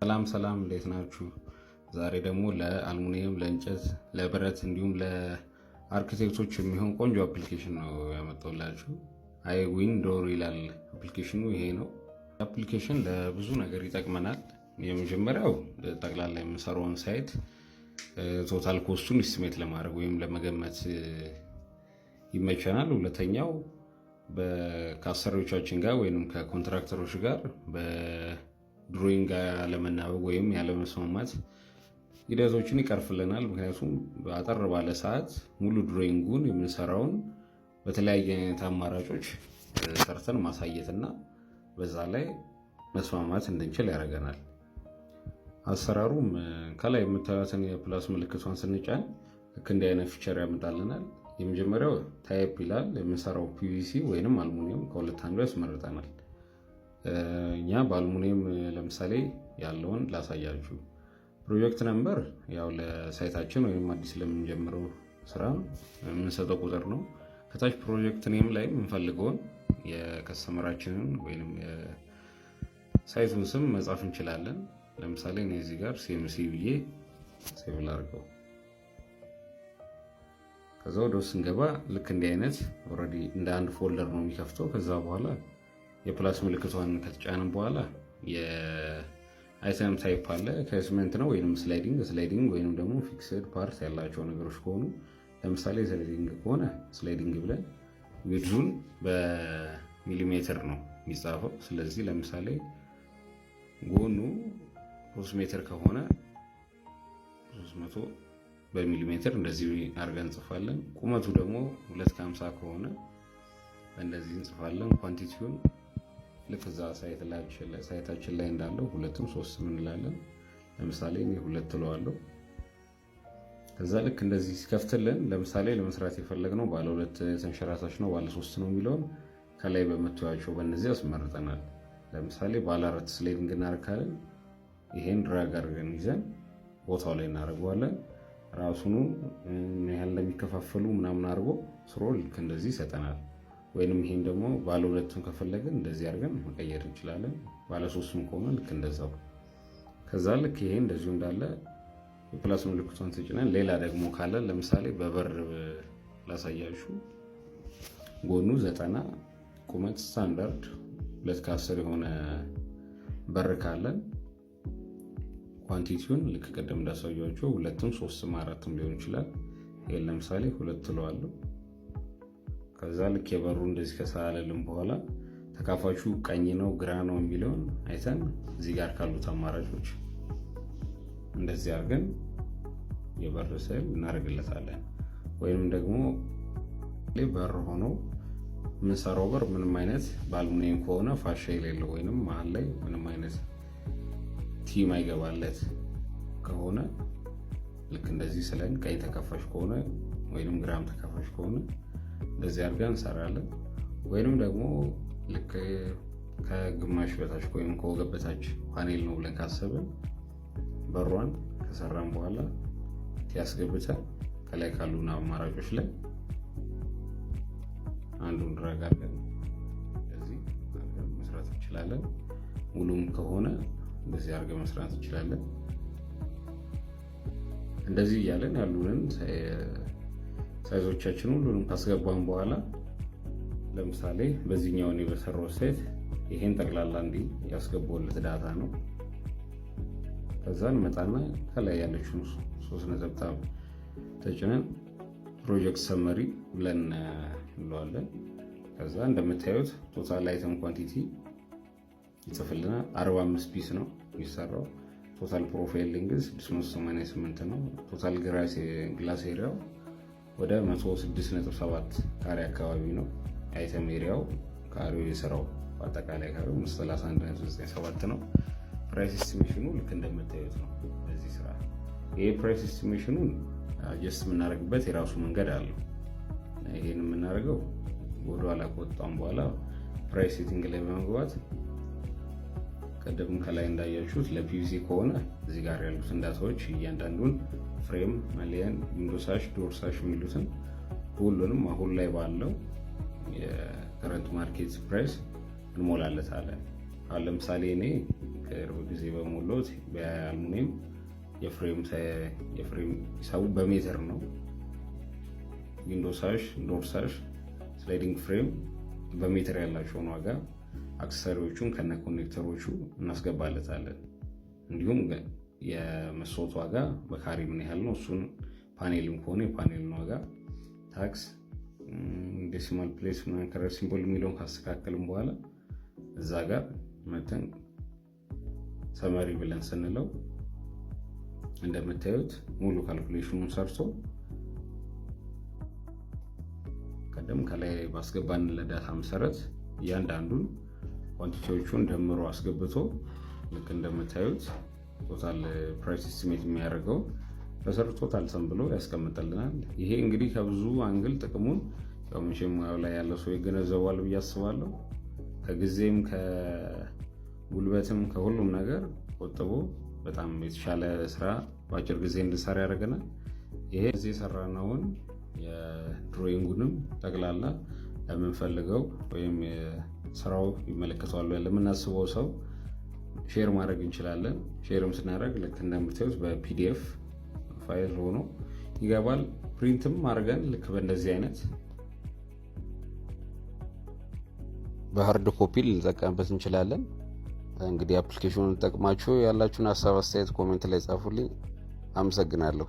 ሰላም ሰላም፣ እንዴት ናችሁ? ዛሬ ደግሞ ለአልሙኒየም፣ ለእንጨት፣ ለብረት እንዲሁም ለአርኪቴክቶች የሚሆን ቆንጆ አፕሊኬሽን ነው ያመጣውላችሁ። አይ ዶር ይላል አፕሊኬሽኑ። ይሄ ነው አፕሊኬሽን ለብዙ ነገር ይጠቅመናል። የመጀመሪያው ጠቅላላ የምሰራውን ሳይት ቶታል ኮስቱን ኢስቲሜት ለማድረግ ወይም ለመገመት ይመቸናል። ሁለተኛው ከአሰሪዎቻችን ጋር ወይም ከኮንትራክተሮች ጋር ድሮይንግ ጋር ያለመናበብ ወይም ያለመስማማት ሂደቶችን ይቀርፍልናል። ምክንያቱም አጠር ባለ ሰዓት ሙሉ ድሮይንጉን የምንሰራውን በተለያየ አይነት አማራጮች ሰርተን ማሳየትና በዛ ላይ መስማማት እንድንችል ያደርገናል። አሰራሩም ከላይ የምታዩትን የፕላስ ምልክቷን ስንጫን ልክ እንዲህ አይነት ፊቸር ያመጣልናል። የመጀመሪያው ታይፕ ይላል። የምንሰራው ፒቪሲ ወይንም አልሙኒየም ከሁለት አንዱ ያስመርጠናል። እኛ በአልሙኒየም ለምሳሌ ያለውን ላሳያችሁ። ፕሮጀክት ነምበር ያው ለሳይታችን ወይም አዲስ ለምንጀምረው ስራ የምንሰጠው ቁጥር ነው። ከታች ፕሮጀክት ኔም ላይ የምንፈልገውን የከስተመራችንን ወይም የሳይቱን ስም መጻፍ እንችላለን። ለምሳሌ እኔ እዚህ ጋር ሲምሲ ብዬ ሴቭ ላድርገው። ከዛ ወደ ውስጥ ስንገባ ልክ እንዲህ አይነት ረ እንደ አንድ ፎልደር ነው የሚከፍተው። ከዛ በኋላ የፕላስ ምልክቷን ከተጫንም በኋላ የአይሰም ታይፕ አለ። ከስመንት ነው ወይም ስላይዲንግ ስላይዲንግ ወይም ደግሞ ፊክስድ ፓርት ያላቸው ነገሮች ከሆኑ ለምሳሌ ስላይዲንግ ከሆነ ስላይዲንግ ብለን ዊድዙን በሚሊሜትር ነው የሚጻፈው። ስለዚህ ለምሳሌ ጎኑ ሶስት ሜትር ከሆነ ሶስት መቶ በሚሊሜትር እንደዚህ አድርገን እንጽፋለን። ቁመቱ ደግሞ ሁለት ከሀምሳ ከሆነ እንደዚህ እንጽፋለን። ኳንቲቲውን ልክ እዛ ሳይታችን ላይ እንዳለው ሁለትም ሶስትም እንላለን። ለምሳሌ እኔ ሁለት እለዋለሁ። ከዛ ልክ እንደዚህ ሲከፍትልን ለምሳሌ ለመስራት የፈለግነው ባለ ሁለት ተንሸራታች ነው ባለ ሶስት ነው የሚለውን ከላይ በምታዩቸው በእነዚህ ያስመርጠናል። ለምሳሌ ባለ አራት ስሌድ እንድናርካለን ይሄን ድራግ አድርገን ይዘን ቦታው ላይ እናደርገዋለን። ራሱኑ ምን ያህል እንደሚከፋፈሉ ምናምን አድርጎ ስሮ ልክ እንደዚህ ይሰጠናል። ወይንም ይሄን ደግሞ ባለ ሁለቱን ከፈለግን እንደዚህ አድርገን መቀየር እንችላለን። ባለ ሶስቱም ከሆነ ልክ እንደዛው። ከዛ ልክ ይሄ እንደዚሁ እንዳለ የፕላስ ምልክቷን ተጭነን ሌላ ደግሞ ካለ ለምሳሌ በበር ላሳያችሁ። ጎኑ ዘጠና ቁመት ስታንዳርድ ሁለት ከአስር የሆነ በር ካለን ኳንቲቲውን ልክ ቅድም እንዳሳያቸው ሁለትም ሶስትም አራትም ሊሆን ይችላል። ይህን ለምሳሌ ሁለት ትለዋለሁ። ከዛ ልክ የበሩ እንደዚህ ከሰላለልን በኋላ ተካፋቹ ቀኝ ነው ግራ ነው የሚለውን አይተን እዚህ ጋር ካሉት አማራጮች እንደዚህ አድርገን የበር ስዕል እናደርግለታለን። ወይም ደግሞ በር ሆኖ የምንሰራው በር ምንም አይነት በአልሙኒየም ከሆነ ፋሻ የሌለው ወይንም መሀል ላይ ምንም አይነት ቲም አይገባለት ከሆነ ልክ እንደዚህ ስለን ቀኝ ተከፋሽ ከሆነ ወይም ግራም ተከፋሽ ከሆነ እንደዚህ አድርገን እንሰራለን። ወይንም ደግሞ ልክ ከግማሽ በታች ወይም ከወገብ በታች ፓኔል ነው ብለን ካሰብን በሯን ከሰራን በኋላ ያስገብተን ከላይ ካሉን አማራጮች ላይ አንዱን ድራግ እዚህ መስራት እንችላለን። ሙሉም ከሆነ እንደዚህ አርገ መስራት እንችላለን። እንደዚህ እያለን ያሉንን ሳይዞቻችን ሁሉንም ካስገባን በኋላ ለምሳሌ በዚህኛው እኔ በሰራው ሴት ይሄን ጠቅላላ እንዲህ ያስገባውለት ዳታ ነው። ከዛን መጣና ከላይ ያለችውን ሶስት ነጠብጣብ ተጭነን ፕሮጀክት ሰመሪ ብለን እንለዋለን። ከዛ እንደምታዩት ቶታል አይተም ኳንቲቲ ይጽፍልናል። 45 ፒስ ነው የሚሰራው። ቶታል ፕሮፋይል ሌንግዝ 688 ነው። ቶታል ግላስ ኤሪያው ወደ 106.7 ካሬ አካባቢ ነው አይተም ኤሪያው ካሬው የሰራው በአጠቃላይ ካሬው 31.97 ነው። ፕራይስ ኤስቲሜሽኑ ልክ እንደምታዩት ነው። በዚህ ስራ ይሄ ፕራይስ ኤስቲሜሽኑን ጀስት የምናደርግበት የራሱ መንገድ አለው። ይሄን የምናደርገው ወደኋላ ከወጣም በኋላ ፕራይስ ሴቲንግ ላይ በመግባት ቅድም ከላይ እንዳያችሁት ለፒቪሲ ከሆነ እዚህ ጋር ያሉትን ዳታዎች እያንዳንዱን ፍሬም፣ መለያን፣ ዊንዶሳሽ፣ ዶርሳሽ የሚሉትን ሁሉንም አሁን ላይ ባለው የከረንት ማርኬት ፕራይስ እንሞላለታለን። አሁን ለምሳሌ እኔ ቅርብ ጊዜ በሞሎት በአልሙኒየም የፍሬም ሂሳቡ በሜትር ነው። ዊንዶሳሽ፣ ዶርሳሽ፣ ስላይዲንግ ፍሬም በሜትር ያላቸውን ዋጋ አክሰሰሪዎቹን ከነ ኮኔክተሮቹ እናስገባለታለን። እንዲሁም የመስታወት ዋጋ በካሪ ምን ያህል ነው? እሱን ፓኔልም ከሆነ የፓኔልን ዋጋ ታክስ፣ ዴሲማል ፕሌስ፣ ምናከረ ሲምቦል የሚለውን ካስተካከልም በኋላ እዛ ጋር መተን ሰመሪ ብለን ስንለው እንደምታዩት ሙሉ ካልኩሌሽኑን ሰርቶ ቀደም ከላይ ባስገባን ለዳታ መሰረት እያንዳንዱን ኳንቲቲዎቹን ደምሮ አስገብቶ ልክ እንደምታዩት ቶታል ፕራይስ ስሜት የሚያደርገው ተሰርቶታል ሰን ብሎ ያስቀምጠልናል። ይሄ እንግዲህ ከብዙ አንግል ጥቅሙን በምሽ ሙያው ላይ ያለ ሰው ይገነዘባል ብዬ አስባለሁ። ከጊዜም ከጉልበትም ከሁሉም ነገር ቆጥቦ በጣም የተሻለ ስራ በአጭር ጊዜ እንድሰራ ያደርገናል። ይሄ እዚህ የሰራነውን የድሮይንጉንም ጠቅላላ ለምንፈልገው ወይም ስራው ይመለከተዋል ለምናስበው ሰው ሼር ማድረግ እንችላለን። ሼርም ስናደረግ ልክ እንደምታዩት በፒዲኤፍ ፋይል ሆኖ ይገባል። ፕሪንትም አድርገን ልክ በእንደዚህ አይነት በሀርድ ኮፒ ልንጠቀምበት እንችላለን። እንግዲህ አፕሊኬሽኑን ጠቅማችሁ ያላችሁን ሀሳብ አስተያየት ኮሜንት ላይ ጻፉልኝ። አመሰግናለሁ።